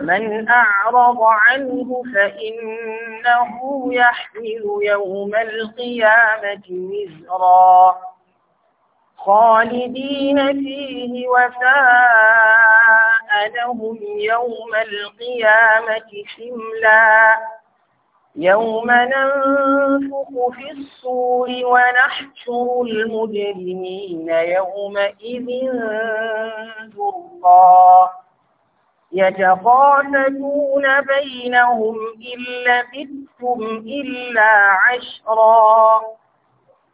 من أعرض عنه فإنه يحمل يوم القيامة مزرا خالدين فيه وفاء لهم يوم القيامة حملا يوم ننفخ في الصور ونحشر المجرمين يومئذ زرقا يتخافتون بينهم إن لبثتم إلا عشرا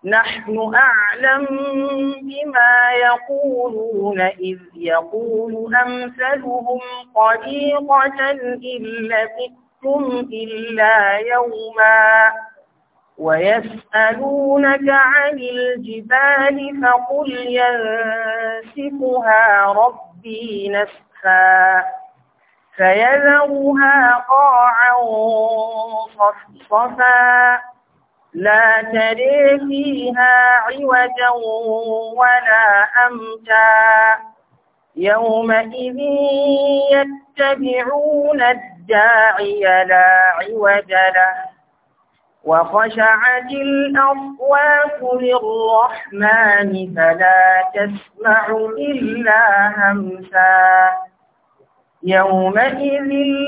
نحن أعلم بما يقولون إذ يقول أمثلهم طريقة إن لبثتم إلا يوما ويسألونك عن الجبال فقل ينسفها ربي نسفا فيذرها قاعا صفصفا لا تري فيها عوجا ولا أمتا يومئذ يتبعون الداعي لا عوج له وخشعت الأصوات للرحمن فلا تسمع إلا همسا يومئذ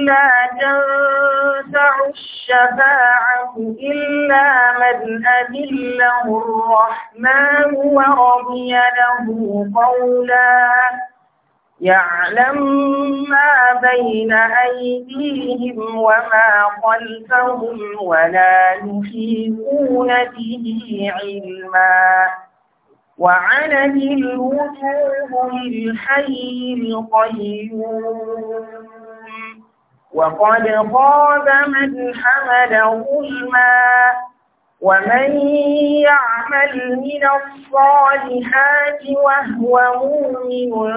لا تنفع الشفاعة إلا من أذن له الرحمن ورضي له قولا يعلم ما بين أيديهم وما خلفهم ولا يحيطون به علما وعلى الوجوه للحي القيوم وقد خاب من حمل ظلما ومن يعمل من الصالحات وهو مؤمن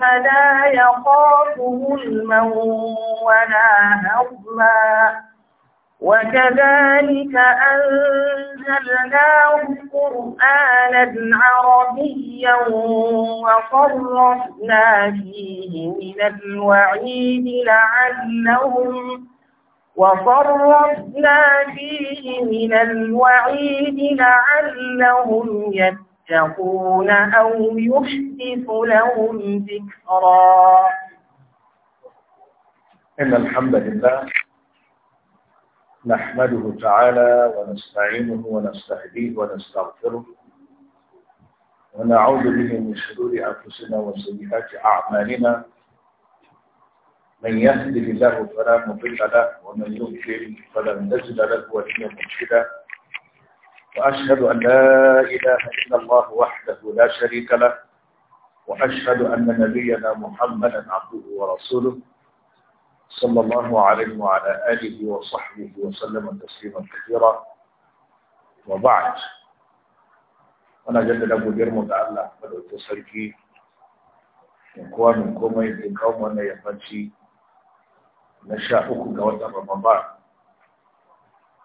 فلا يخاف ظلما ولا هضما وكذلك أنزلناه قرآنا عربيا وصرفنا فيه من الوعيد لعلهم وصرفنا فيه من الوعيد لعلهم يتقون أو يحدث لهم ذكرا إن الحمد لله نحمده تعالى ونستعينه ونستهديه ونستغفره ونعوذ به من شرور أنفسنا وسيئات أعمالنا من يهده الله فلا مضل له ومن يضلل فلا نزل له وليا مرشدا وأشهد أن لا إله إلا الله وحده لا شريك له وأشهد أن نبينا محمدا عبده ورسوله صلى الله عليه وعلى آله وصحبه وسلم تسليما كثيرا وبعد أنا جد أبو ديرمو تعالى بدأ تسلكي وكوانو كومي في قوم أنا يفنشي نشاءكم قوات رمضان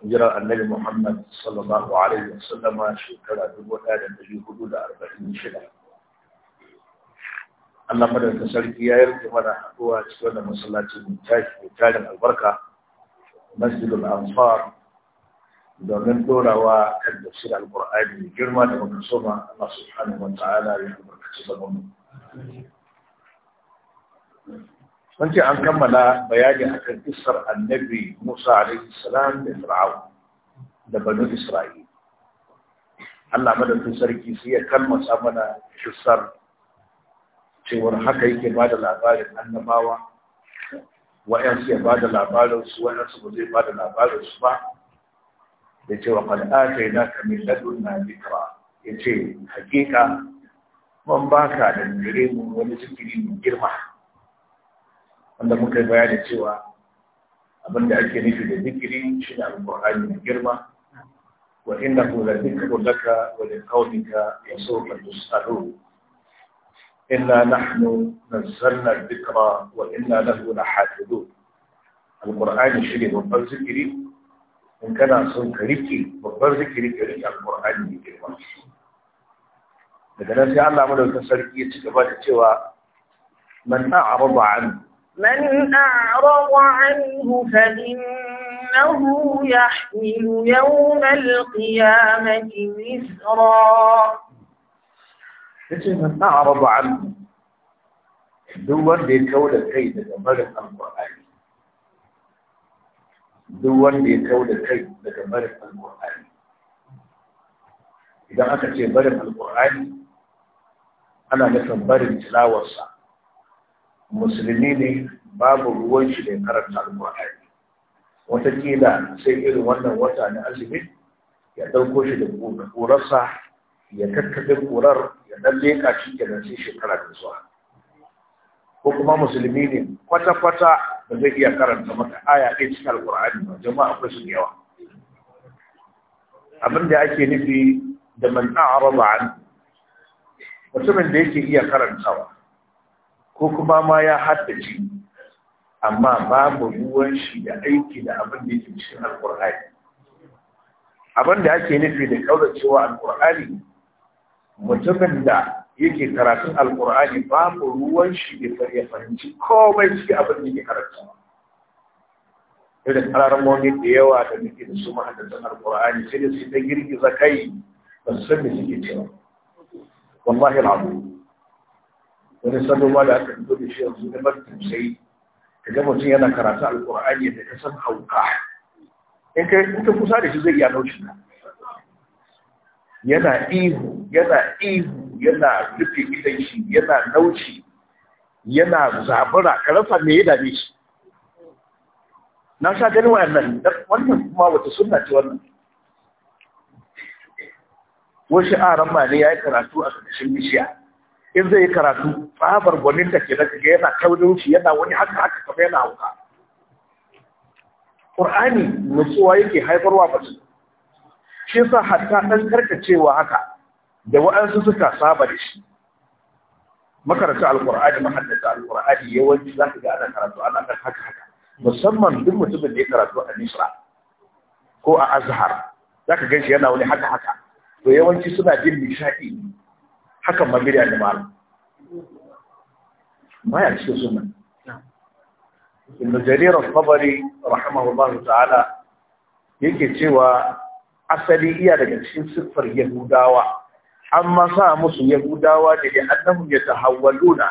جرى النبي محمد صلى الله عليه وسلم شكرا دبوتا لنجي حدود أربعين شهر Allah madaukakin sarki ya yarda mana haɗuwa cikin wannan masallaci mai tashi mai tarin albarka masjidul anfar domin dorawa kan tafsir Alƙur'ani, mai girma da muka soma Allah subhanahu wa ta'ala ya albarkaci zaman mu mun ce an kammala bayani akan kissar annabi Musa alaihi salam da Fir'aun da banu Isra'il Allah madaukakin sarki sai ya kalmasa mana kissar cewar haka yake ba da labarin annabawa wa'yansu ya ba da labarin su, wa'yansu ba zai ba da labarin su ba da cewa wa ya naka mai ladun na ya ce hakika man ba ka da nire mu wani zikiri mai girma wanda muka baya da cewa abin da ake nufi da zikiri shi ne alƙur'ani mai girma wa inna ku la zikrun laka wa ya so yasuqa tus'alun إنا نحن نزلنا الذكرى وإنا له لحافظون القرآن الشريف والبر ذكري إن كان صوت كريكي والبر ذكري كريكي القرآن الكريم لكن أنا سيعلم من التسريكي تكبات التوى من أعرض عنه من أعرض عنه فإنه يحمل يوم القيامة وزرا yace na a'rada an duk wanda ya kauda kai daga barin alqur'ani duk wanda ya kauda kai daga barin alqur'ani idan aka ce barin alqur'ani ana nufin barin tilawarsa musulmi ne babu ruwan shi da karanta alqur'ani Wataƙila sai irin wannan wata na azumi ya ɗauko shi da ƙurarsa ya kakkaɓe ƙurar ya ɗan leƙa shi nan sai shekara da zuwa ko kuma musulmi ne kwata-kwata da zai iya karanta maka aya ɗaya cikin alƙur'ani ba jama'a akwai su yawa abin da ake nufi da man a'raba an mutumin da yake iya karantawa ko kuma ma ya haddace amma babu ruwan shi da aiki da abin da yake cikin alƙur'ani abin da ake nufi da cewa alƙur'ani mutumin da yake karatun alkur'ani babu ruwan shi da ya fahimci komai shi abin da yake karatu irin alarmomi da yawa da muke da su mahadatan alkur'ani sai da su ta girgiza kai ba su san suke cewa wallahi rabu wani sanarwa da aka shi yanzu da ban tausayi ka ga mutum yana karatu alkur'ani da ka san hauka in ka kusa da shi zai iya naushin ka. yana ihu yana ihu yana rufe gidan shi yana nauci yana zabura karasa me ya dame shi na sha gani wannan wannan kuma wata sunna ce wannan wasu aran ma ne ya yi karatu a ƙarshen bishiya in zai yi karatu tsabar gwanin da ke da kaga yana kaunin shi yana wani haka haka kama yana hauka ƙur'ani nutsuwa yake haifarwa ba su shi sa hatta ɗan karkacewa haka da wa'ansu suka saba da shi makaranta alkur'ani mahaddata alkur'ani yawanci za ka ga ana karatu ana ɗan haka haka musamman duk mutumin da ya karatu a nisra ko a azhar za ka gan shi yana wani haka haka to yawanci suna jin nishaɗi hakan ma da malam ma ya cikin sunan ibn jarir al-tabari rahimahullahu ta'ala yake cewa asali iya daga cikin siffar yahudawa amma sa musu yahudawa da ya annahu ya tahawwaluna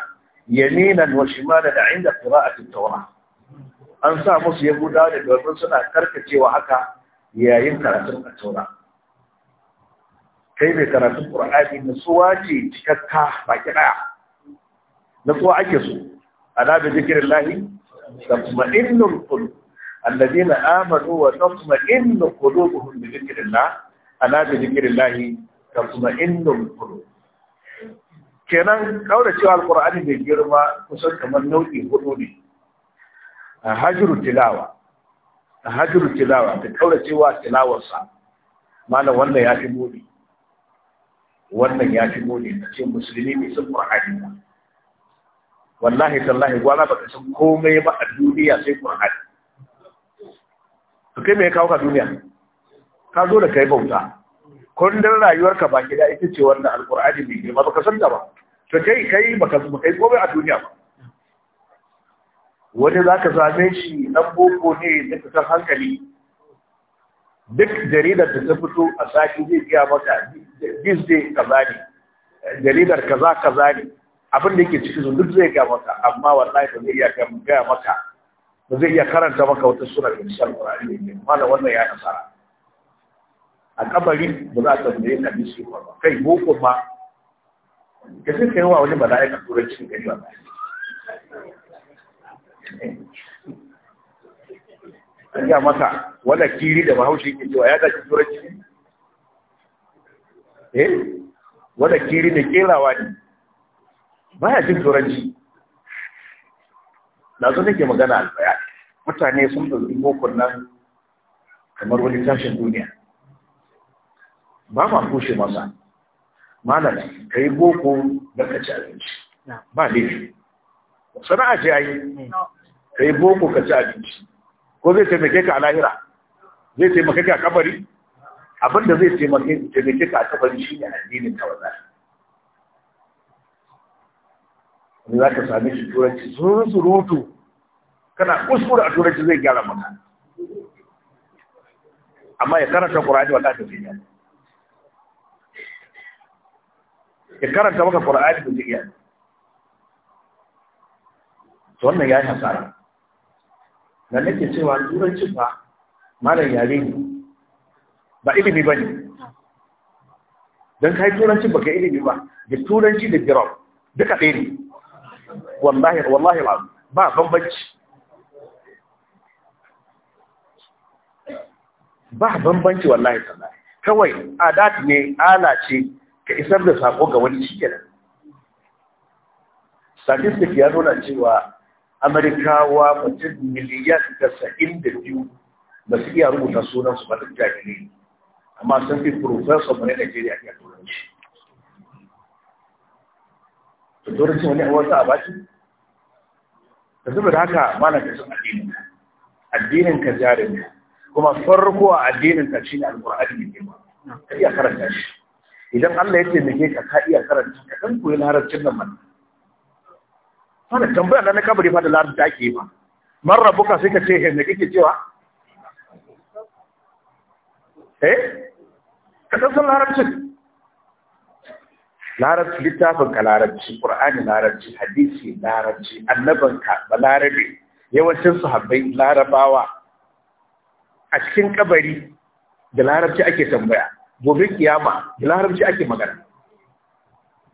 yaminan wa da inda qira'ati a taura an sa musu yahudawa da domin suna karkacewa haka yayin karatun a taura kai mai karatun na suwa ce cikakka baki Na nutsuwa ake so ala da kuma tatma'innul qulub الذين آمنوا وتطمئن قلوبهم بذكر الله ألا بذكر الله تطمئن القلوب kenan kaura cewa alqur'ani mai girma kusan kamar nau'i hudu ne A hajru tilawa a hajru tilawa da kaura cewa tilawarsa mana wannan ya fi muni wannan ya fi muni a ce musulmi bai san qur'ani ba wallahi tallahi gwana baka san komai ba a duniya sai qur'ani to kai mai kawo ka duniya ka zo da kai bauta kundin rayuwarka ba gida ita ce wannan alkur'ani mai girma baka san da ba to kai kai baka zuma kai komai a duniya ba wani za ka same shi ɗan boko ne da fitar hankali duk jaridar da ta fito a sati zai gaya maka this day kaza ne jaridar kaza kaza ne abin da yake cikin duk zai gaya maka amma wallahi ba zai iya gaya maka ba zai iya karanta maka wata sura da misal Qur'ani ne malam wannan ya nasara a kabari ba za ta tambaye ka bisu ba kai boko ma ka sai kai wa wani mala'ika cikin gari ba A ga maka wanda kiri da bahaushe ke cewa ya turai turanci eh wanda kiri da kerawa ne ba ya jin turanci da zo nake magana albaya mutane sun ɗauki bokon nan kamar wani tashin duniya ba ma kushe masa malama ka yi boko don ka ci abinci ba laifi sana'a ce a yi ka yi boko ka ci abinci ko zai taimake ka a lahira zai taimake ka a kabari abinda zai taimake ka a kabari shi ne addinin kawai wani za ka sami shi turanci sun surutu kana kuskura a turanci zai gyara maka amma ya karanta ƙura'ani wata ta zai gyara ya karanta maka ƙura'ani da zai gyara to wannan ya yi hasara na nake cewa turanci ba malam yare ne ba ilimi ba ne don ka yi turanci ba ka ilimi ba da turanci da jirau duka ɗaya ne wallahi wallahi ba bambanci ba bambanci wallahi sallah kawai adat ne ala ce ka isar da sako ga wani shikenan statistic ya nuna cewa amerikawa mutum miliyan sa'in da biyu ba su iya rubuta sunan su ba duk jami'ai amma sun fi professor mu na Najeriya ya turanci da dole cin wani wasu a baki da saboda haka mana ka san addini addinin ka jarin kuma farko a addinin ka shine alqur'ani ne ka iya karanta shi idan Allah ya taimake ka ka iya karanta ka san koyi larabcin nan man fara tambaya na kabari fa da larabci ake yi ba man rabuka sai ka ce he me kake cewa eh ka san larabcin larabci littafin ka larabci qur'ani larabci hadisi larabci annaban ka larabe yawancin sahabbai larabawa a cikin kabari da larabci ake tambaya gobe kiyama da larabci ake magana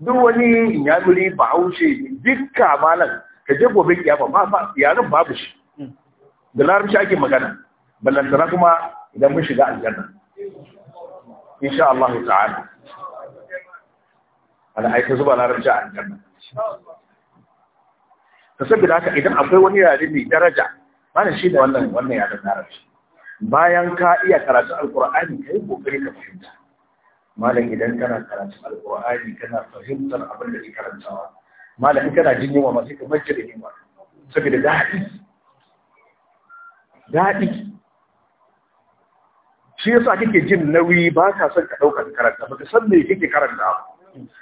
duk wani ba bahaushe dukka malam ka je gobe kiyama ba ba yaran babu shi da larabci ake magana ballantana kuma idan mun shiga aljanna insha Allah ta'ala ana aika zuba larabci a aljanna ta da haka idan akwai wani yare mai daraja mana shi ne wannan wannan na larabci bayan ka iya karatu alkur'ani ka yi kokari ka fahimta malam idan kana karatu alkur'ani kana fahimtar abin da ke karantawa malam in kana jin yunwa ma sai ka mace da yunwa saboda daɗi daɗi shi yasa kake jin nauyi ba ka son ka ɗaukar karanta ba ka san me kake karanta ba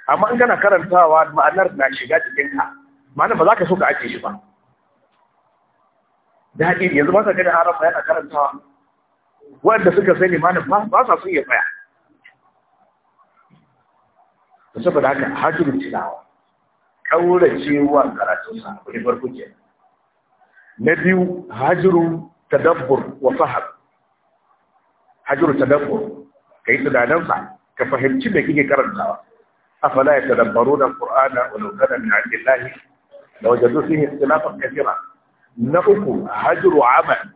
amma in gana karantawa ma'anar na shiga cikin ka ma'anar ba za ka so ka ake shi ba da haƙi yanzu masa sa gani haram ba yana karantawa wanda suka sani ma'anar ba sa sun ya tsaya da saboda haka hajjin tilawa ƙauracewa karatunsa abu ne farko ke na biyu hajjiru tadabbur wa fahar hajjiru tadabbur ka yi tunaninsa ka fahimci da kike karantawa أفلا يتدبرون القرآن ولو كان من عند الله na فيه اختلافا كثيرا نأكو هجر عمل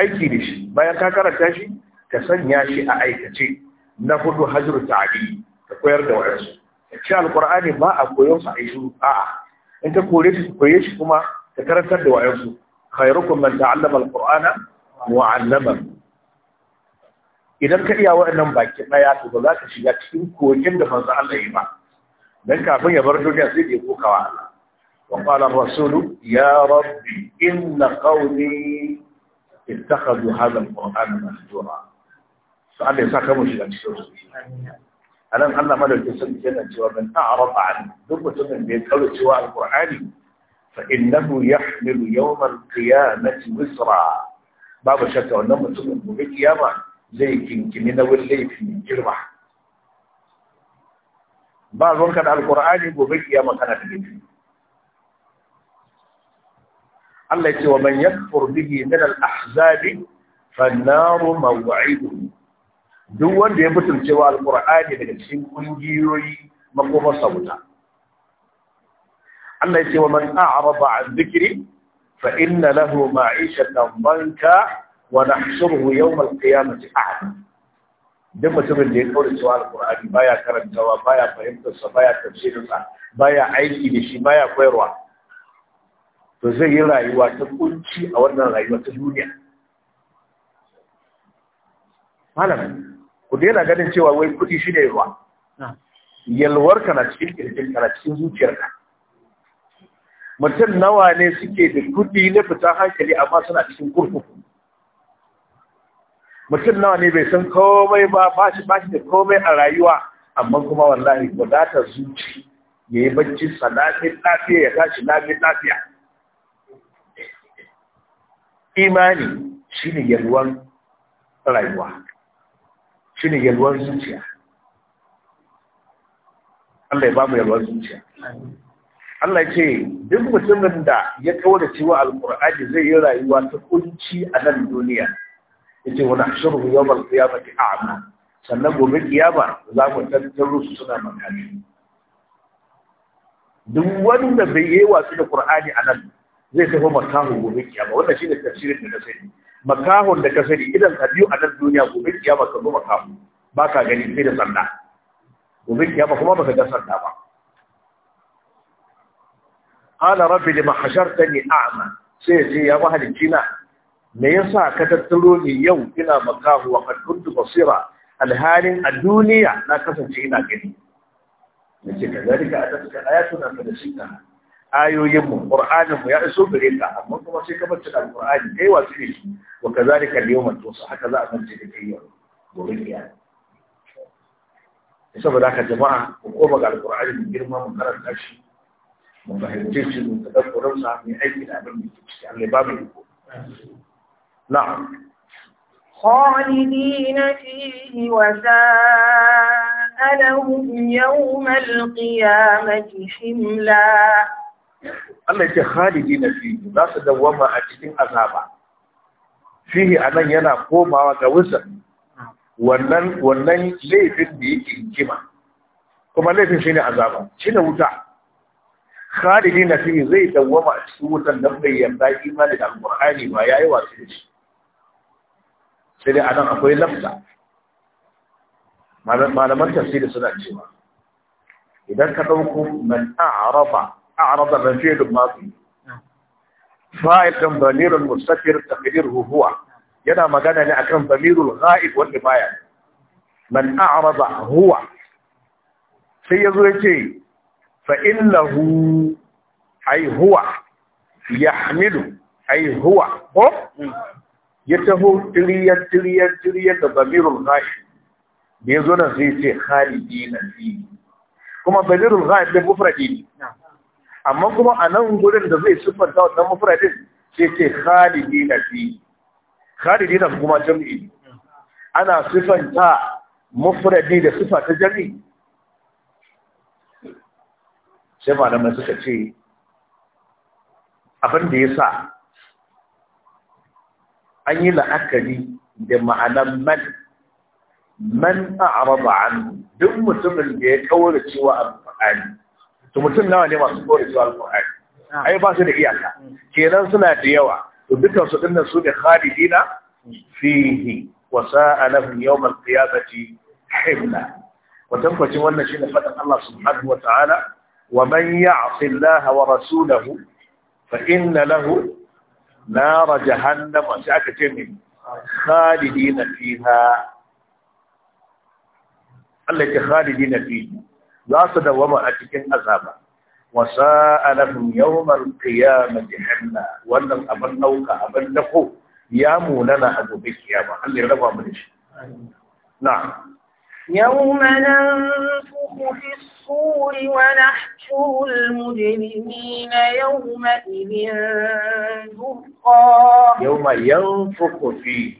aiki da shi bayan ka karanta shi ka sanya shi a aikace na hudu hajru ta'ali ka koyar da wayansu shi alqur'ani ba a koyon sa a shiru a'a in ka kore shi koye kuma ka karantar da wayansu khairukum man ta'allama alqur'ana wa 'allama idan ka iya waɗannan baki ɗaya to ba za ka shiga cikin kogin da manzo Allah ya ba dan kafin ya bar duniya sai ya koka wa Allah wa qala rasulu ya rabbi inna qawmi ittakhadhu hadha alqur'ana mahjura to Allah ya saka mu shiga cikin su anan Allah madaukakin sarki yana cewa ban a'rada an duk mutumin da ya kawo cewa alqur'ani fa innahu yahmilu yawm alqiyamati wisra babu shakka wannan mutumin gobe kiyama zai kinkimi na wani laifi girma ba al-wanka da alkur'ani gobe kiyama makana da laifi Allah ce wa man yakfur bihi min al-ahzabi fannaru maw'iduhu duk wanda ya butulce wa alkur'ani daga cikin kungiyoyi makomar sauta Allah ya ce wa man a'rada an zikiri fa na lahu ma'ishatan banka wa nahsuruhu yawm al-qiyamati a'ma duk mutumin da ya kaura cewa alqur'ani baya karantawa baya fahimtar sa baya tafsirin sa baya aiki da shi baya koyarwa to zai yi rayuwa ta kunci a wannan rayuwa ta duniya malam ku daina ganin cewa wai kudi shi ne ruwa yalwarka na cikin ka na cikin zuciyarka mutum nawa ne suke da kudi na fita hankali amma suna cikin kurkuku mutum nawa ne bai san komai ba ba shi ba shi da komai a rayuwa amma kuma wallahi wadatar zuci ya yi bacci salatin lafiya ya tashi lafiya lafiya imani shi ne yalwar rayuwa shi ne yalwar zuciya Allah ya ba mu yalwar zuciya Allah ce duk mutumin da ya kawo da cewa alkur'ani zai yi rayuwa ta kunci a nan duniya yace wa nahshuruhu yawm al-qiyamati a'ma sannan gobe kiyama za mu tattaro su suna makami duk wanda bai yi wasu da qur'ani anan zai tafi makahu gobe kiyama wannan shine tafsirin da na sani makahon da ka sani idan ka biyu a duniya gobe kiyama ka zo makahu ba ka gani sai da sanda gobe kiyama kuma ba ka ga sanda ba Ana rabbi lima hashartani a'ma sai ce ya mahalicci na me yasa ka tattaro ni yau ina makahu wa qad kuntu basira alhalin a duniya na kasance ina gani yace kazalika atatka ayatuna fadashina ayoyin mu qur'anin mu ya iso gare ka amma kuma sai ka bace da qur'ani kai wasu ne wa kazalika al-yawma sai haka za a mance da kai yau gobe ya saboda haka jama'a ku koma ga alqur'ani mu girma mu karanta shi mu fahimce shi mu tadabburin sa mai aiki da abin da ke cikin Allah babu na'am خالدين فيه وساء لهم يوم القيامة حملا Allah yake khalidina fi za su dawwama a cikin azaba fihi anan yana komawa ga wannan wannan laifin da yake kima kuma laifin shi ne azaba shine wuta khalidina fi zai dawwama a cikin wutan dan bai yarda imani da alqur'ani ba yayi wasu shi sai dai anan akwai lafta malaman tafsiri suna cewa idan ka ɗauko, man a'raba a'raba man fi'l madi fa'il kan bamirul mustaqir taqdiruhu huwa yana magana ne akan bamirul ghaib wanda baya man a'raba huwa sai yazo yace fa innahu Ai huwa Ya yahmilu Ai huwa ko hmm. ya taho tiriyar tiriyar tiriyar da bamirul ghaib da ya zo nan sai ce khalidi na fi kuma bamirul ghaib da mufradi ne amma kuma a nan gurin da zai siffanta wannan mufradin sai ce khalidi na fi khalidi na kuma jami'i ana siffanta mufradi da siffa ta sai malamai suka ce abin da ya sa an yi la'akari da ma'anan man man a'rada an duk mutumin da ya kaura cewa alqur'ani to mutum nawa ne masu kaura cewa alqur'ani ai ba su da iyaka kenan suna da yawa to dukkan su dinnan su ne khalidina fihi wa sa'a lahum yawm al-qiyamati himla watankwacin wannan shine fadan Allah subhanahu wa ta'ala wa man ya'si Allah wa rasulahu fa inna lahu nara jahannama sai aka ce ne khalidina fiha Allah ya khalidina fiha za su dawama a cikin azaba wa sa'alahum yawmal qiyamati hanna wannan abin nauka abin dako ya munana a gobe kiyama Allah ya raba mu da shi na'am yawma nanfukhu fi الصور ونحشر المجرمين يومئذ زرقا يوم ينفخ فيه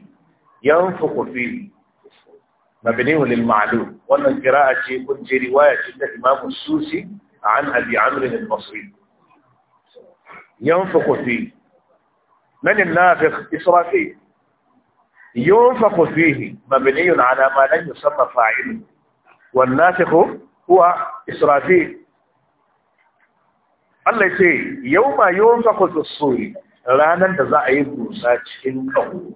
ينفخ فيه مبني للمعلوم القراءة شيء كنت رواية الإمام السوسي عن أبي عمرو البصري ينفخ فيه من النافخ إسرافيل ينفخ فيه مبني على ما لن يسمى فاعله والنافخ huwa israfil Allah ya ce yauma ma yau ka ranar da za a yi busa cikin kawo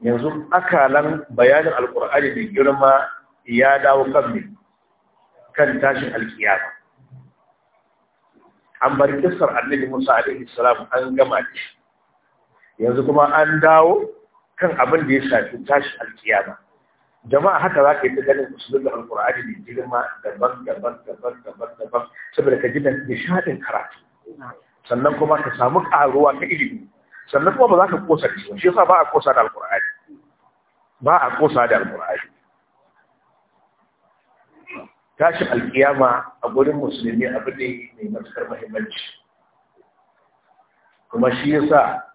yanzu akalan bayanin alkur'ani da girma ya dawo kan ne kan tashin alkiyama an bari kisar annabi musa alaihi salam an gama shi. yanzu kuma an dawo kan abin da ya shafi tashin alkiyama jama'a haka za ka yi ta ganin musulun da alkur'ani mai girma daban daban daban daban daban saboda ka ji da nishaɗin karatu sannan kuma ka samu ƙaruwa ta ilimi sannan kuma ba za ka kosa da shi yasa ba a kosa da alkur'ani ba a kosa da alkur'ani tashin alƙiyama a gurin musulmi abu ne mai matuƙar mahimmanci kuma shi ya sa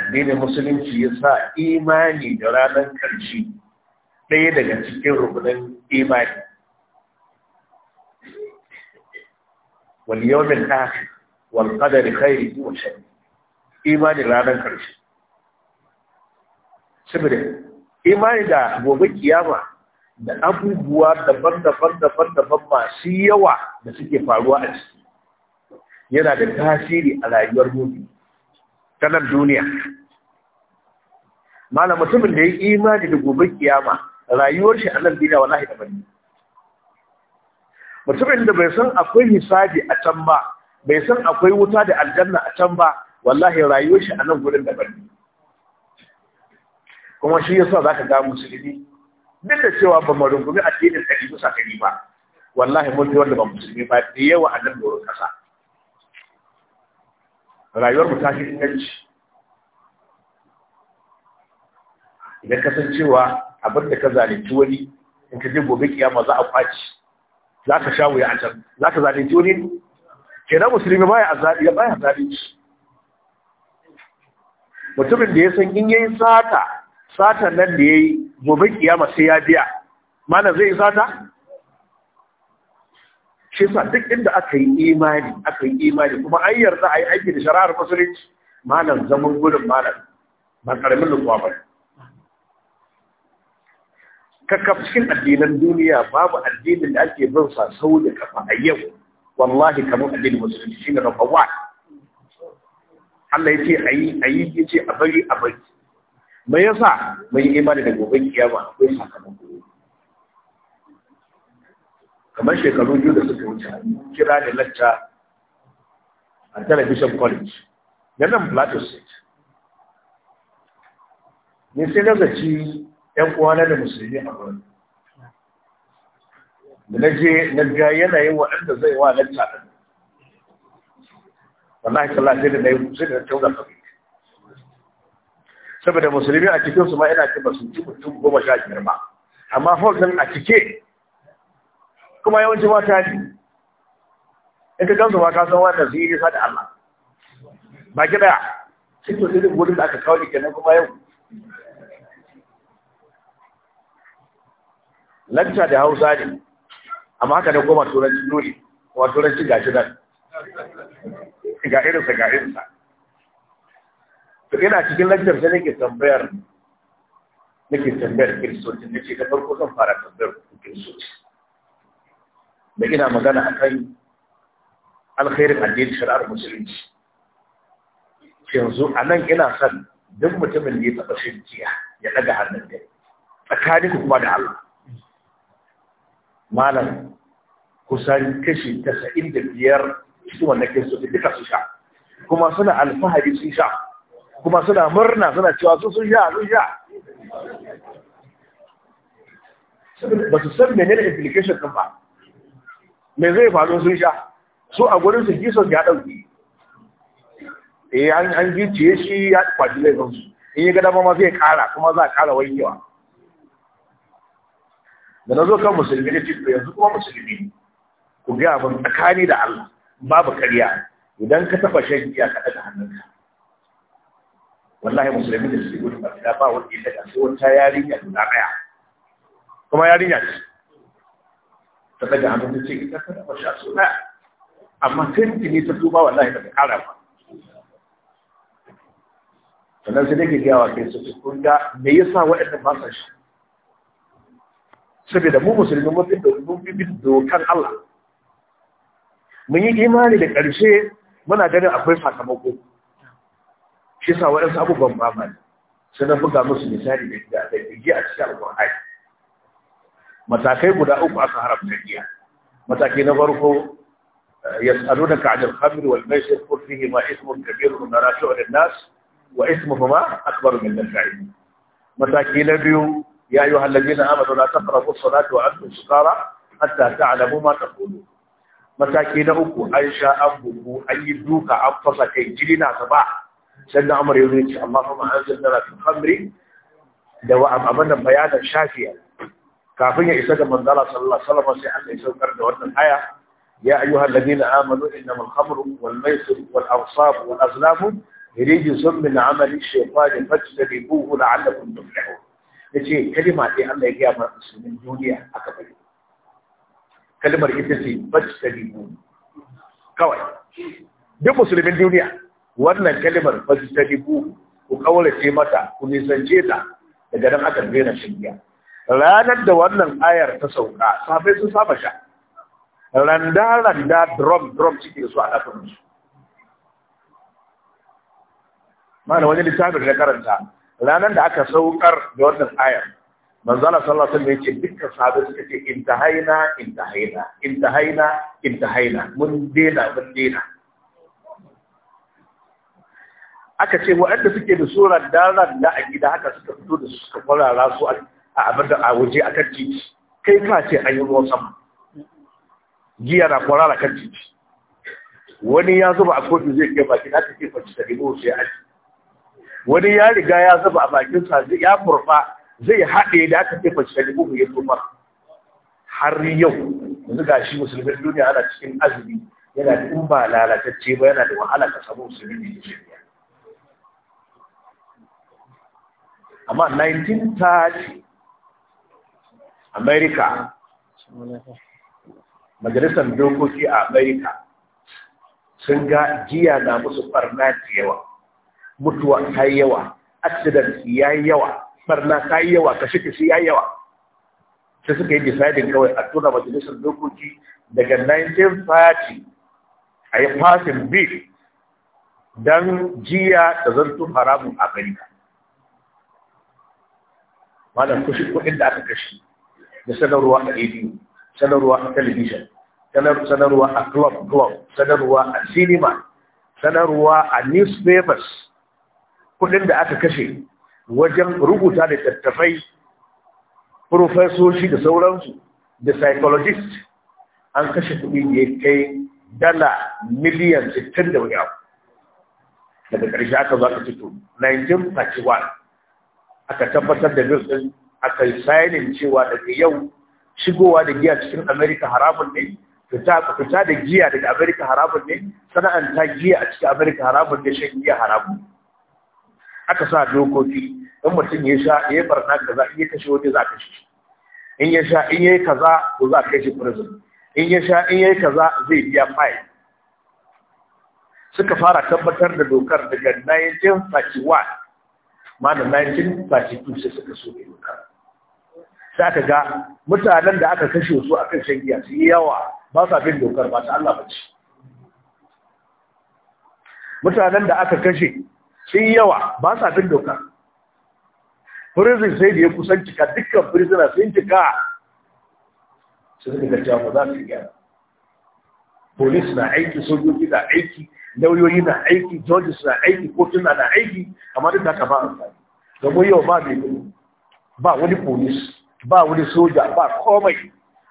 addinin musulunci ya sa imani da ranar ƙarshe ɗaya daga cikin rukunin imani wal ta akhir wal qadari khairi wa sharri imani ranar ƙarshe. saboda imani da gobe kiyama da abubuwa daban-daban daban-daban masu yawa da suke faruwa a ciki yana da tasiri a rayuwar mutum ta nan duniya malam mutumin da ya imani da gobe kiyama rayuwar shi a nan duniya wallahi da bane mutumin da bai san akwai hisabi a can ba bai san akwai wuta da aljanna a can ba wallahi rayuwar shi a nan gurin da kuma shi yasa zaka ga musulmi duk da cewa ba mu rungumi addinin da ke bisa kari ba wallahi mun ji wanda ba musulmi ba da yawa a nan gurin kasa rayuwar mu ta shi inganci idan kasancewa abin da ka zalunci wani in ka je gobe kiyama za a kwaci za ka sha wuya a can za ka zalunci wani na musulmi baya zaɓi ya baya zalunci mutumin da ya san in yayi sata sata nan da yayi gobe kiyama sai ya biya mana zai yi sata shi sa duk inda aka yi imani aka yi imani kuma an yarda a yi aiki da shari'ar musulunci malam zaman gudun malam ba karamin lukuwa ba cikin addinan duniya babu addinin da ake bin sa sau da kafa a yau wallahi kamar addinin musulunci shine rafa wa Allah yace ayi ayi yace a bari a bari me yasa mai imani da gobe kiyama akwai sakamako kamar shekaru biyu da suka wuce kira da lacca a television college na nan plateau state ne sai na zaci ‘yan uwana da musulmi a wurin. Da na je na ga yanayin waɗanda zai wa nan tsaɗin. Wallahi kalla lafiya da na yi sai da na tauna kabi. Saboda musulmi a cikin su ma yana ce ba su ci mutum goma sha biyar ba. Amma hol ɗin a cike kuma yawanci ma ta ji. In ka gamsu ma ka san wannan su yi nisa da Allah. Ba ɗaya, Sai to irin wurin da aka kawo ni kenan kuma yau. lanta da hausa ne amma haka ne koma turanci dole kuma turanci shi nan ga irinsa ga irinsa to ina cikin lantar sai nake tambayar nake tambayar kiristoci na ce ta farko zan fara tambayar kiristoci da ina magana a kan alkhairin addini musulunci yanzu a nan ina son duk mutumin da ya taɓa shan jiya ya ɗaga hannun dai tsakanin kuma da Allah malam kusan kashi tasa'in da biyar su wannan kiristoci duka su sha kuma suna alfahari sun sha kuma suna murna suna cewa su sun sha sun sha ba su san menene implication din ba me zai faru sun sha su a gurin su jesus ya dauki eh an an giciye shi ya kwaji zai su in ya ga dama ma zai kara kuma za a kara wayewa da na zo kan musulmi da cikin yanzu kuma musulmi ku ga abin tsakani da Allah babu ƙarya idan ka taɓa shan giya ka ɗaga hannunka wallahi musulmi da su gudu barka ba wani da daga sai wata yarinya da daya kuma yarinya ce ta daga hannun ta ce ta kada taɓa sha so amma sai ne ta tuba wallahi ta kara ba sannan sai dake gaya wa kai su kun ga me yasa waɗannan ba sa shi saboda mu musulmi mun fi dokan Allah mun yi imani da ƙarshe muna ganin akwai sakamako shi sa waɗansu abubuwan mamaki sai na buga musu misali da gida da giya a cikin alƙur'ani matakai guda uku aka haramta giya mataki na farko eh, yas'alunaka 'anil khamri wal maisir qul fihi ma ismun kabirun narashu lin nas wa ismuhuma akbaru min al mataki na biyu يا أيها الذين آمنوا لا تقربوا الصلاة وأنتم سكارى حتى تعلموا ما تقولون mataki na uku an sha an buku an yi duka an fasa kai jini na gaba sai na amur yanzu ce amma kuma an zai nara tun hamri da wa abin da bayanan shafiya kafin ya isa ga manzala sallallahu alaihi wasallam sai Allah ya saukar da wannan aya ya ayyuhal ladina amanu innamal khamru wal maisir wal ansab wal azlam rijsun min amali shaytan fajtanibuhu la'allakum tuflihun ya ce kalima ɗaya Allah ya gaya ma musulmin duniya aka bari kalimar ita ce fajtanibu kawai duk musulmin duniya wannan kalimar kalmar fajtanibu ku kaurace mata ku nisance ta daga nan aka daina shirya ranar da wannan ayar ta sauka safe sun saba sha randa randa drum drum cike su a ɗafin su mana wani littafin da karanta ranar da aka saukar da wannan ayar manzala sallallahu alaihi wasallam ce dukkan sahabbai suka ce intahaina intahaina intahaina intahaina mun dena mun dena aka ce waɗanda suke da surar daren da a gida haka suka fito da suka kwarara su a abin da a waje a kan titi kai ka ce an yi ruwan sama giya na kwarara kan titi wani ya zuba a kofi zai kai baki na take kwanci da nemo sai aji wani ya riga ya zaba a bakin bakinsa ya furfa zai haɗe da aka tefa shi da ya furfa har yau yanzu ga shi musulmin duniya ana cikin azumi yana da in ba lalatacce ba yana da wahala ka samu musulmi da shi amma 1930 america majalisar dokoki a america sun ga jiya na musu barna da yawa mutuwa ta yi yawa accident ya yi yawa barna ta yi yawa kashe kashe ya yi yawa sai suka yi deciding kawai a tura majalisar dokoki daga 1930 a yi passing bill don jiya da zartun haramun a amerika malam kushe kuɗin da aka kashe da sanarwa a radio sanarwa a television sanarwa a club club sanarwa a cinema sanarwa a newspapers kudin da aka kashe wajen rubuta da tattafai profesoshi da sauransu da psychologist an kashe kudi da ya kai dala miliyan 60 da wuya daga ƙarshe aka zaka fito 1931 aka tabbatar da din, aka yi sayanin cewa daga yau shigowa da giya cikin amerika haramun ne fita da giya daga amerika haramun ne sana'anta giya a cikin amerika haramun ne shan giya haramun aka sa dokoki in mutum ya sha ya barna kaza in ya kashe wani za ka shi in ya sha in ya yi kaza to za ka shi prison in ya sha in ya yi kaza zai biya fine suka fara tabbatar da dokar daga 1931 ma da 1932 sai suka so ne dokar sai aka ga mutanen da aka kashe su akan shan giya su yi yawa ba sa bin dokar ba ta Allah ba ce mutanen da aka kashe sun yawa ba sa bin doka prison sai da ya kusan cika dukkan prisoner sun cika sun daga jamu za su gyara police na aiki sojoji na aiki lauyoyi na aiki judges na aiki kotuna na aiki amma duk haka ba amfani domin yau ba mai ba wani police ba wani soja ba komai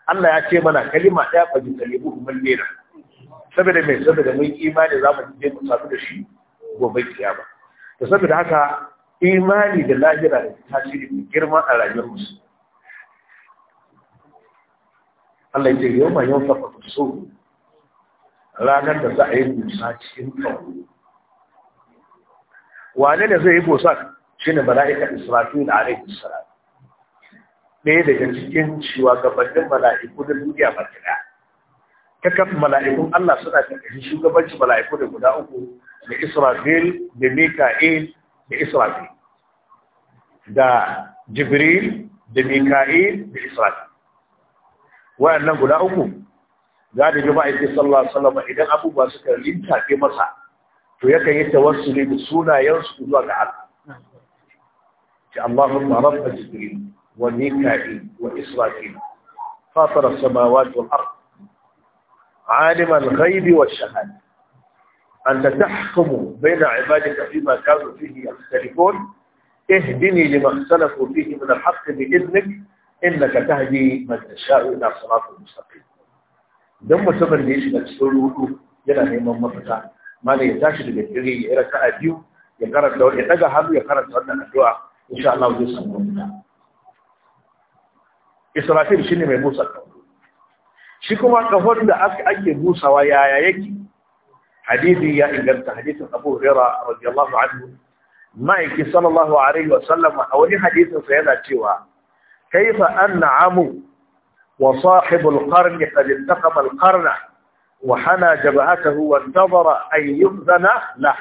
Allah ya ce mana kalima ɗaya ba jin kalibu umar lera saboda mai saboda mun imani za mu je mu sadu da shi gobe kiyama da saboda haka imani da lahira da tasiri mai girma a rayuwar musu Allah ya ce yau ma yau fa so ranar da za a yi busa cikin kawo wane da zai yi busa shi ne mala'ikar israfil a rai israfil ɗaya daga cikin cewa gabanin mala'iku da duniya ba ta ɗaya ta kafin mala'ikun Allah suna ƙarƙashin shugabanci mala'iku da guda uku da Israfil da Mika'il da Israfil da Jibril da Mika'il da Israfil wayannan guda uku za da jama'a yake sallallahu alaihi wasallam idan abubuwa suka lintafe masa to yakan yi tawassuli da sunayensu zuwa ga Allah اللهم رب جبريل وميكائيل وإسرائيل فاطر السماوات والأرض عالم الغيب والشهادة أن تحكم بين عبادك فيما كانوا فيه يختلفون اهدني لما اختلفوا فيه من الحق بإذنك إنك تهدي من تشاء إلى صراط المستقيم دم متمر da ya shiga cikin rudu yana neman mafita malai ya tashi daga dare ya raka a biyu ya karanta wani daga hannu ya karanta wannan addu'a insha Allah zai samu mafita Israfil shine mai busa kawo shi kuma kafar da ake busawa yaya yake حديثي إن لم تحديث أبو هريرة رضي الله عنه ما إنك صلى الله عليه وسلم أولي حديث سيدة جوا كيف أن عمو وصاحب القرن قد انتقم القرن وحنى جبهته وانتظر أن يؤذن له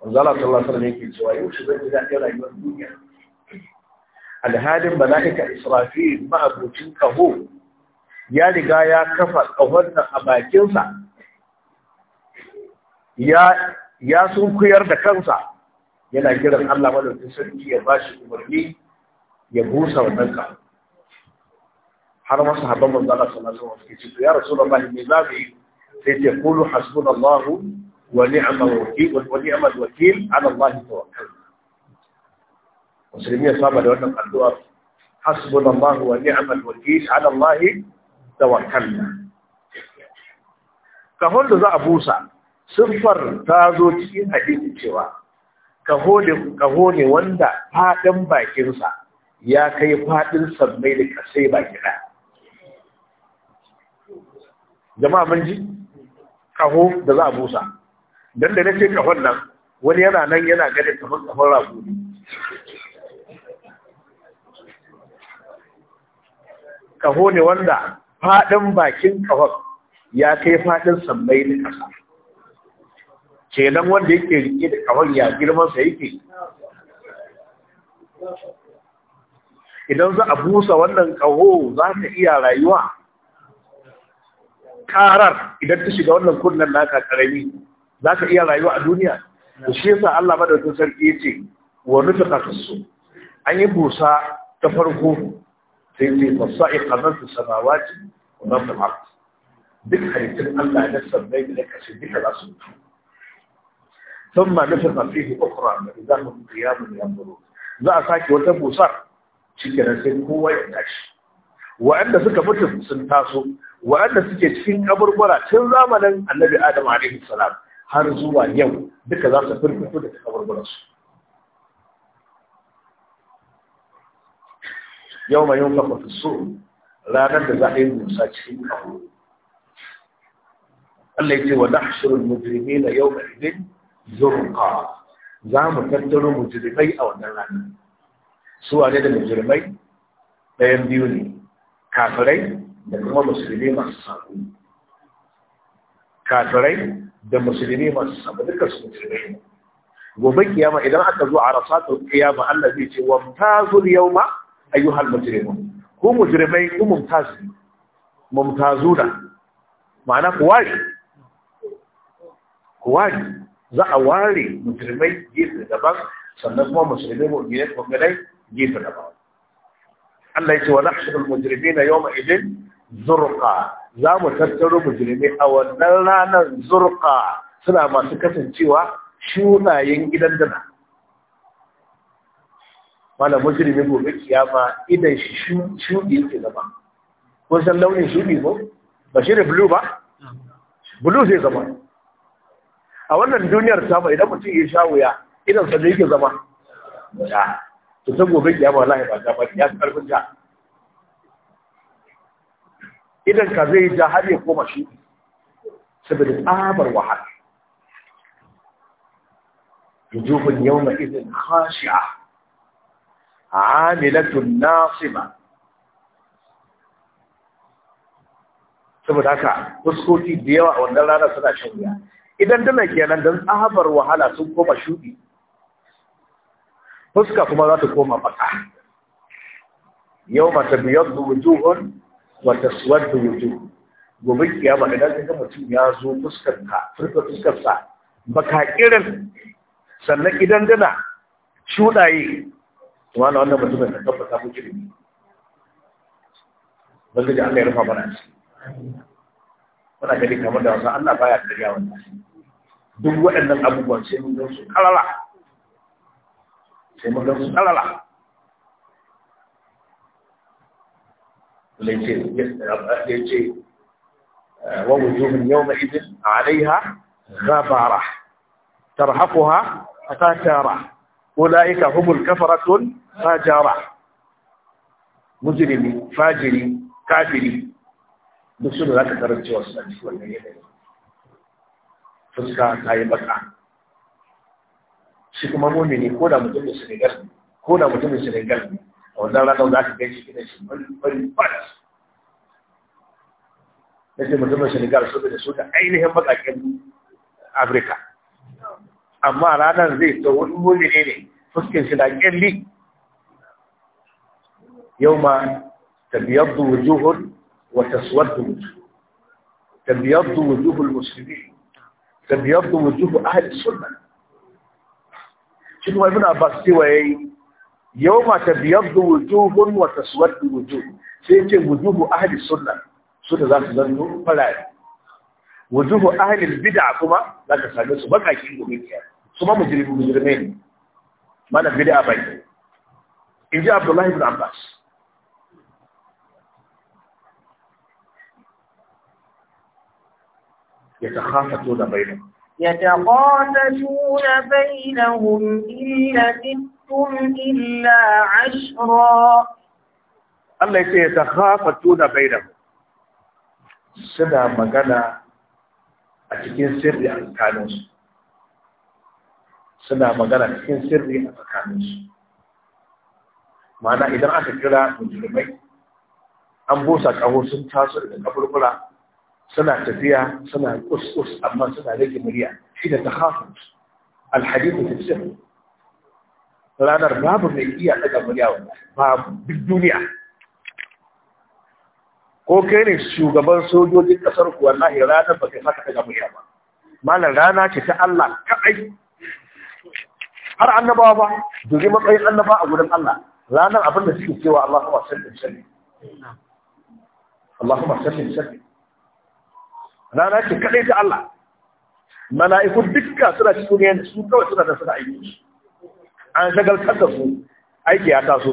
وزالة الله صلى الله عليه وسلم يوشد إلى إلى الدنيا الهادم ملائكة إسرافيل ما أبو تنكه يا لقايا كفر أهدنا أباكيلنا ya sunkuyar da kansa yana kiran Allah madaukakin sarki ya bashi umarni ya busa wannan ka har ma sahabban manzo Allah sallallahu alaihi wasallam suke ya rasulullahi me za yi sai ce qulu hasbun wa wani wakeel wakil, ni'mal wakeel ala Allah musulmi ya saba da wannan addu'a hasbunallahu wa ni'mal wakeel ala Allah tawakkalna kafin da za a busa siffar ta zo cikin hadisi cewa kaho ne wanda faɗin bakinsa ya kai faɗin sammai da kasai baki ɗaya jama'a mun ji kaho da za a busa don da nake kahon nan wani yana nan yana gani kamar kahon rago kaho ne wanda faɗin bakin kahon ya kai faɗin sammai da kasa kenan wanda yake rike da kamar ya girman sa yake idan za a busa wannan kaho za ta iya rayuwa karar idan ta shiga wannan kunnen naka karami za ka iya rayuwa a duniya da shi yasa Allah madaukakin sarki yace wa nutfa kasu an yi busa ta farko sai ce fasa'i qadatu samawati wa rabbul ard duk halittun Allah da sabbai da kashi duka za su mutu ثم نفخ فيه أخرى فإذا هم قيام ينظرون za a sake wata busar cikin sai kowa ya tashi wa'anda suka mutu sun taso wa'anda suke cikin kaburbura tun zamanin annabi adam alaihi salam har zuwa yau duka za su firfito da kaburburansu yau mai yau kafa su ranar da za a yi musa cikin kaburbura Allah ya ce wa na yau yawma idin zurqa za mu tattaro mujrimai a wannan rana su wane da mujrimai ɗayan biyu ne kafirai da kuma musulmi masu sabu kafirai da musulmi masu sabu dukkan su musulmi ne gobe kiyama idan aka zo a ta kiyama Allah zai ce wa mutazul yawma ayyuhal mujrimun ku mujrimai ku mumtaz mumtazuna ma'ana ku wari ku wari za a ware musulmai gefe daban sannan kuma musulmai mu'minai mu'minai gefe daban Allah ya ce wa nahshurul mujrimina yawma idin zurqa za mu tattaro mujrimai a wannan ranar zurqa suna masu kasancewa shunayen gidan dana wala mujrimi gobe kiyama idan shi shudi yake zama kun san launin shudi ko ba shi ne blue ba blue zai zama a wannan duniyar ta idan mutum ya sha wuya idan sa da yake zama ya to ta gobe kiyama wallahi ba ta ba, ya karfin ta idan ka zai ja har ya koma shi saboda tsabar wahala wujuhun yawma idhin khashi'a amilatun nasima saboda haka fuskoki da yawa a wannan rana suna shan wuya idan dana kenan don tsabar wahala sun koma shuɗi fuska kuma za ta koma baka yau mata biyar da wujuhun wata suwar da wujuhun gobe kiyama idan ka mutum ya zo fuskarka furta fuskarsa baka irin sannan idan dana shuɗaye kuma na wannan mutumin da tabbata mu ne wanda ji Allah ya rufa mana shi muna gani kamar da wasu Allah baya karya wannan duk waɗannan abubuwan sai mun gan su kalala sai mun gan su kalala ليتي ووجوه يومئذ عليها غبرة ترهقها قتارة أولئك هم الكفرة فاجرة مجرمي فاجري كافري duk su da za ka karanci wasu a cikin wannan yanayi fuska ta yi baka shi kuma mumini ko da mutumin Senegal ko da mutumin Senegal a wannan ranar za ka gan shi gidan shi bari bari na ce mutumin Senegal saboda su da ainihin bakaken Afirka amma ranar zai ta wani mumini ne fuskin shi na kyalli yau ma tabiyar wujuhun wa taswar wujuh tabiyar wujuhul musulmi da biyar da wujuhu ahli sunna shi kuma ibn abbas cewa yayi yawma tabyaddu wujuhun wa taswaddu wujuh sai ce wujuhu ahli sunna su da za su zanno farare wujuhu ahli bid'a kuma za ka same su kin gobe su ma mujrimu ne mana bid'a bai in ji abdullahi ibn abbas يتخافتون بينهم يتخافتون بينهم إن لبثتم إلا عشرا Allah ya ce ya takhafatu da baidan suna magana a cikin sirri a tsakaninsu suna ma'ana idan aka kira mujrimai an busa kaho sun taso daga kaburbura suna tafiya suna kus-kus amma suna rage murya shi da takhafut alhadithu fi sirr ranar babu mai iya daga murya babu duk duniya ko kai ne shugaban sojojin kasar ku wallahi ranar ba kai saka daga murya ba malar rana ce ta Allah kaɗai har annabawa ba dubi matsayin annaba a gurin Allah ranar abin da suke cewa Allahumma sallim sallim Allahumma sallim sallim rana ce kaɗai ta Allah mala'iku dukka suna cikin yanzu su kawai suna da suna aiki an shagaltar da su aiki ya taso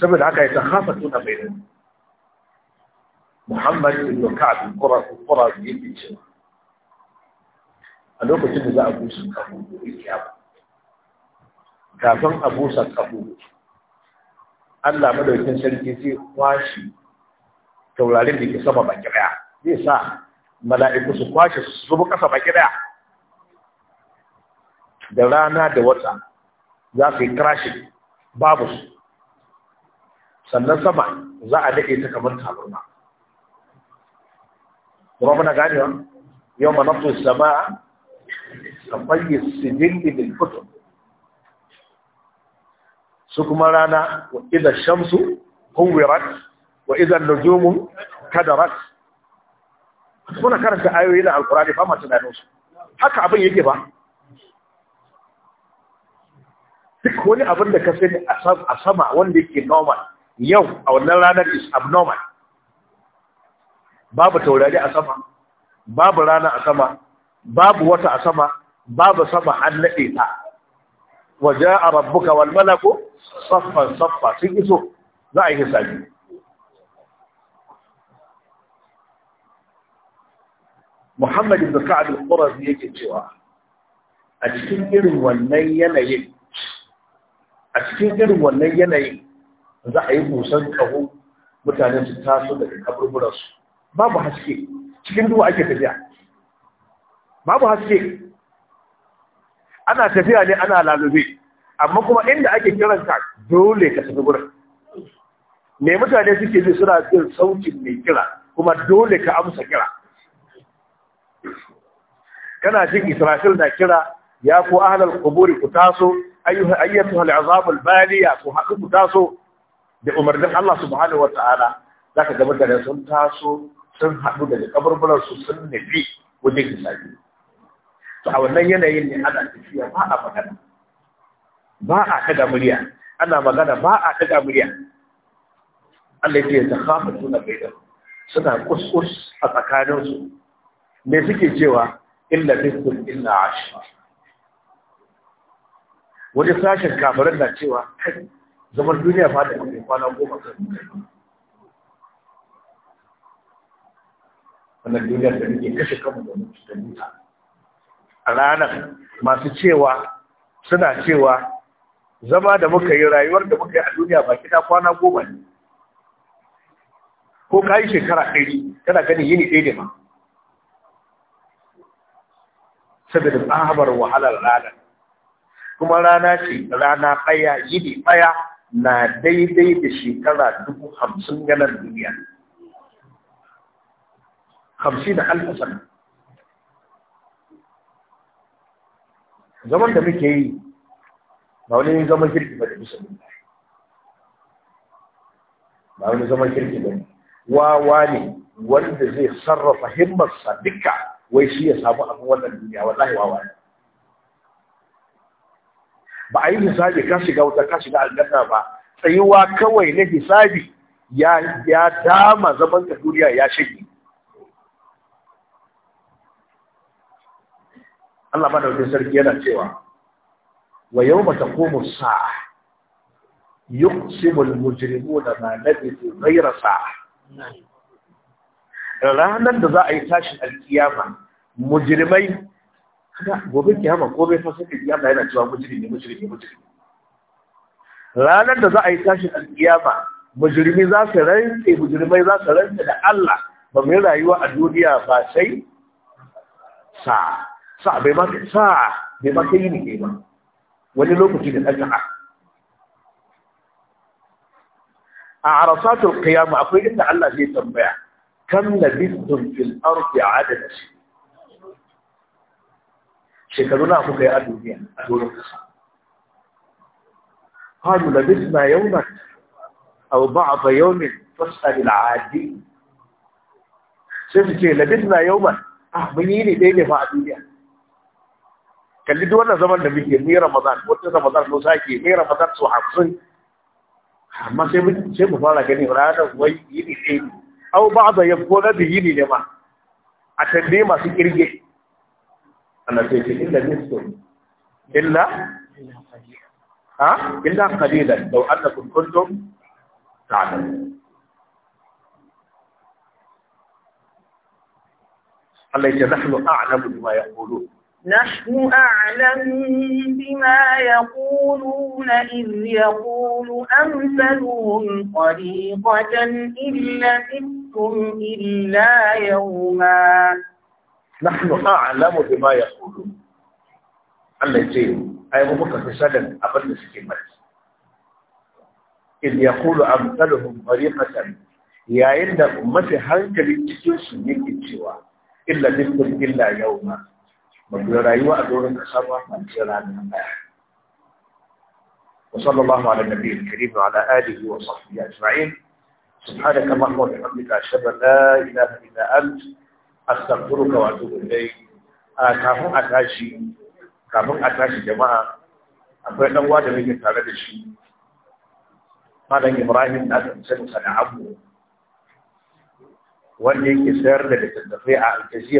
saboda haka ya ta hafa tuna bai da muhammad ibn ka'ab qura yake cewa a lokacin da za a busa kafu ya abu kafin a busa kafu Allah madaukin sarki zai kwashe taurarin da ke sama baki daya zai sa mala'iku su kwashe su zubu kasa baki daya da rana da wata za su yi crashing babu su sannan sama za a daɗe ta kamar taruna kuma muna ganewa yau manafsu sama a su sijin da bilkutun su kuma rana wa idan shamsu huwirat wa idan nujumu kadarat muna karanta ayoyi na alkurani ba ma tunanin su haka abin yake ba duk wani abin da ka sani a sama wanda yake normal yau a wannan ranar is abnormal babu taurari a sama babu rana a sama babu wata a sama babu sama an naɗe ta waje a rabbuka wal malaku saffan saffa sun iso za a yi hisabi muhammadu da Sa'ad al-Qurazi yake cewa a cikin irin wannan yanayin a cikin irin wannan yanayin za a yi busan kaho mutane su taso daga kaburburansu babu haske cikin duwa ake tafiya babu haske ana tafiya ne ana lalube amma kuma inda ake kiranka dole ka tafi gurin me mutane suke ji suna jin sautin mai kira kuma dole ka amsa kira kana jin israfil na kira ya ku ahlal quburi ku taso ayyuha ayyatuha al'azab al-baliya ku haɗu ku taso da umarnin Allah subhanahu wata'ala zaka ga mutane sun taso sun haɗu daga kaburburan su sun nufi wajen hisabi a wannan yanayin ne ana tafiya ba a magana ba a daga murya ana magana ba a daga murya Allah ya ta khafa tuna baida suna kuskus a tsakanin su me suke cewa illa bisul illa ash wani sashen kafirin na cewa kai zaman duniya fa da kuma kwana goma kan wannan duniyar da muke kashe kanmu da mutu da mutane a ranar masu cewa suna cewa zama da muka yi rayuwar da muka yi a duniya ba kina kwana goma ne ko ka yi shekara ɗaya, ce kana ganin yini ɗaya ne ma saboda tsabar wahalar ranar kuma rana ce rana ɗaya yini ɗaya na daidai da shekara dubu hamsin ganar duniya hamsin da alfasar zaman da muke yi ba wani zaman kirki ba da bisa ba wani zaman kirki ba ne. wawa ne wanda zai sarrafa himmarsa duka wai shi ya samu abin wannan duniya wallahi wawa ne ba a yi misali ka shiga wuta ka shiga aljanna ba tsayuwa kawai na hisabi ya dama zaman ka duniya ya shige Allah wajen sarki yana cewa wa yawma taqumu as-sa'a yuqsimu al-mujrimuna ma labithu ghayra sa'a ranar da za a yi tashin alkiyama mujrimai kada gobe kiyama ko bai fasa kiyama yana cewa mujrimi mujrimi mujrimi ranar da za a yi tashin alkiyama mujrimi za su rantse mujrimai za su rantse da Allah ba mai rayuwa a duniya ba sai sa'a sa'a bai ma sa'a bai ma kai ne ba wani lokaci da ɗan sa'a a arasatul qiyama akwai inda Allah zai tambaya kam labithtum fil ardi adad shekaru na kuka yi a duniya a doron kasa qalu labithna yawman aw ba'd yawmin fas'al al 'adi sai su ce labithna yawman ah mun yi ne dai ne fa a duniya kalli duk wannan zaman da muke mai ramadan wata ramadan mun sake mai ramadan su hamsin amma sai mu sai mu fara gani ranar wai yini ne au ba'da ya ko na yini ne ma a tande masu kirge Allah sai ce illa nisfu illa ha illa qalilan law annakum kuntum ta'lamun Allah ya ce nahnu a'lamu bima yaqulun نحن أعلم بما يقولون إذ يقول أمثلهم طريقة إن لبثتم إلا يوما نحن أعلم بما يقولون Allah ce ai muka fi sanin abin da suke mai in yaqulu amsaluhum tariqatan yayin da mafi hankali cikin su yake cewa illa bikum illa yawma ba rayuwa a doron kasa ba a cikin daya وصلى الله على النبي الكريم وعلى آله وصحبه أجمعين سبحانك اللهم وبحمدك أشهد أن لا إله إلا أنت أستغفرك وأتوب إليك kafin a tashi kafin a tashi jama'a akwai ɗan wada muke tare da shi malam Ibrahim na tsamsan sana abu wanda sayar da littattafai a Aljazeera